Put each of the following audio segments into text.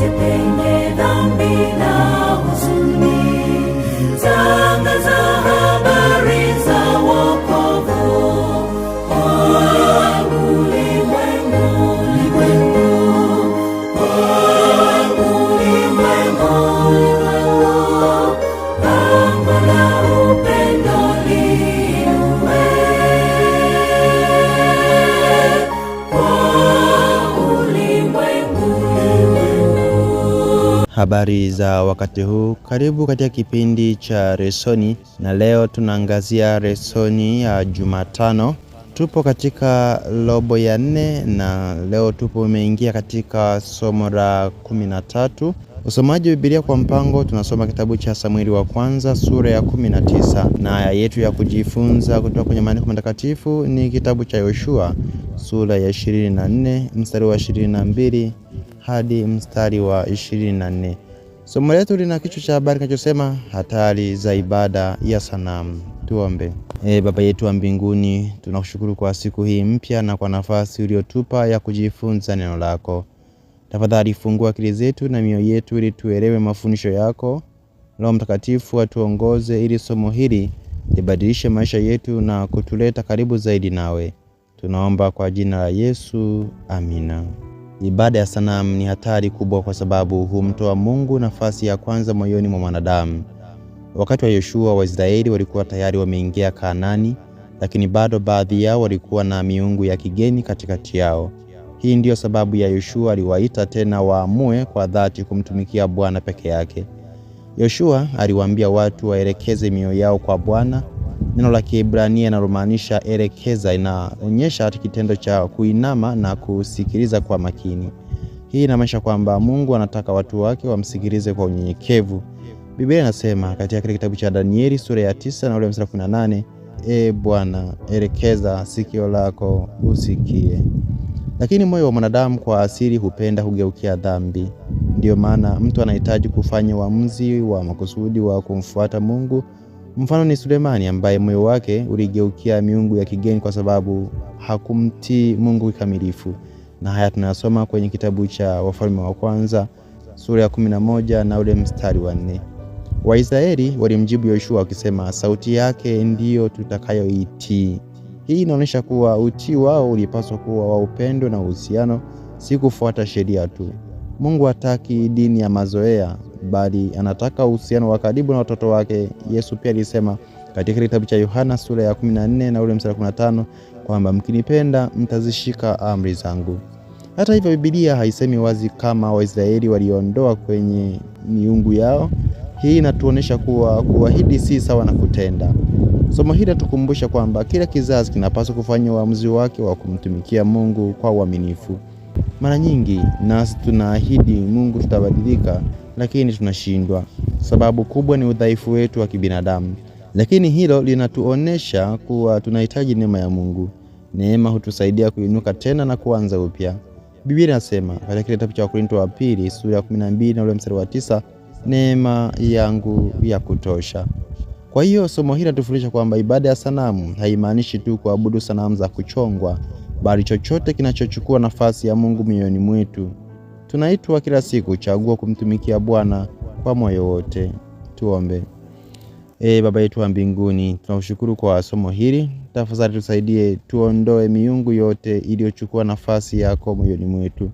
Usipende dhambi na huzuni. Habari za wakati huu, karibu katika kipindi cha lesoni, na leo tunaangazia lesoni ya Jumatano. Tupo katika robo ya nne na leo tupo umeingia katika somo la kumi na tatu usomaji wa Biblia kwa mpango. Tunasoma kitabu cha Samueli wa kwanza sura ya kumi na tisa na aya yetu ya kujifunza kutoka kwenye maandiko matakatifu ni kitabu cha Yoshua sura ya ishirini na nne mstari wa ishirini na mbili hadi mstari wa 24. Somo letu lina kichwa cha habari kinachosema hatari za ibada ya sanamu. Tuombe. E, Baba yetu wa mbinguni, tunakushukuru kwa siku hii mpya na kwa nafasi uliotupa ya kujifunza neno lako. Tafadhali fungua akili zetu na mioyo yetu ili tuelewe mafundisho yako. Roho Mtakatifu atuongoze ili somo hili libadilishe maisha yetu na kutuleta karibu zaidi nawe. Tunaomba kwa jina la Yesu, amina. Ibada ya sanamu ni hatari kubwa, kwa sababu humtoa Mungu nafasi ya kwanza moyoni mwa mwanadamu. Wakati wa Yoshua, Waisraeli walikuwa tayari wameingia Kanaani, lakini bado baadhi yao walikuwa na miungu ya kigeni katikati yao. Hii ndiyo sababu ya Yoshua aliwaita tena waamue kwa dhati kumtumikia Bwana peke yake. Yoshua aliwaambia watu waelekeze mioyo yao kwa Bwana neno la Kiebrania linalomaanisha elekeza, inaonyesha kitendo cha kuinama na kusikiliza kwa makini. Hii inamaanisha kwamba Mungu anataka watu wake wamsikilize kwa unyenyekevu. Biblia inasema katika kile kitabu cha Danieli sura ya tisa na ule mstari wa 18, E Bwana, erekeza sikio lako usikie. Lakini moyo wa mwanadamu kwa asili hupenda kugeukia dhambi. Ndiyo maana mtu anahitaji kufanya uamuzi wa makusudi wa kumfuata Mungu Mfano ni Sulemani ambaye moyo wake uligeukia miungu ya kigeni kwa sababu hakumtii Mungu kikamilifu. Na haya tunayasoma kwenye kitabu cha Wafalme wa Kwanza sura ya 11 na ule mstari wa nne. Waisraeli walimjibu Yoshua wakisema, sauti yake ndiyo tutakayoitii. Hii inaonyesha kuwa utii wao ulipaswa kuwa wa upendo na uhusiano, si kufuata sheria tu. Mungu hataki dini ya mazoea, bali anataka uhusiano wa karibu na watoto wake. Yesu pia alisema katika kitabu cha Yohana sura ya 14 na ule mstari 15 kwamba mkinipenda mtazishika amri zangu. Hata hivyo, Biblia haisemi wazi kama Waisraeli waliondoa kwenye miungu yao. Hii inatuonesha kuwa kuahidi si sawa na kutenda. Somo hili latukumbusha kwamba kila kizazi kinapaswa kufanya uamuzi wake wa kumtumikia Mungu kwa uaminifu. Mara nyingi nasi tunaahidi Mungu tutabadilika, lakini tunashindwa. Sababu kubwa ni udhaifu wetu wa kibinadamu, lakini hilo linatuonesha kuwa tunahitaji neema ya Mungu. Neema hutusaidia kuinuka tena na kuanza upya. Biblia inasema katika kitabu cha Wakorintho wa pili sura ya 12 na ule mstari wa tisa, neema yangu ya kutosha. Kwa hiyo somo hili natufundisha kwamba ibada ya sanamu haimaanishi tu kuabudu sanamu za kuchongwa, bali chochote kinachochukua nafasi ya Mungu mioyoni mwetu. Tunaitwa kila siku chagua kumtumikia Bwana kwa moyo wote. Tuombe. E, Baba yetu wa mbinguni, tunaushukuru kwa somo hili. Tafadhali tusaidie tuondoe miungu yote iliyochukua nafasi yako moyoni mwetu.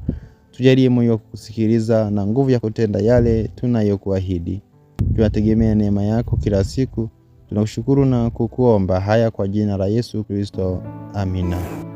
Tujalie moyo wa kusikiliza na nguvu ya kutenda yale tunayokuahidi. Tunategemea neema yako kila siku. Tunakushukuru na kukuomba haya kwa jina la Yesu Kristo, amina.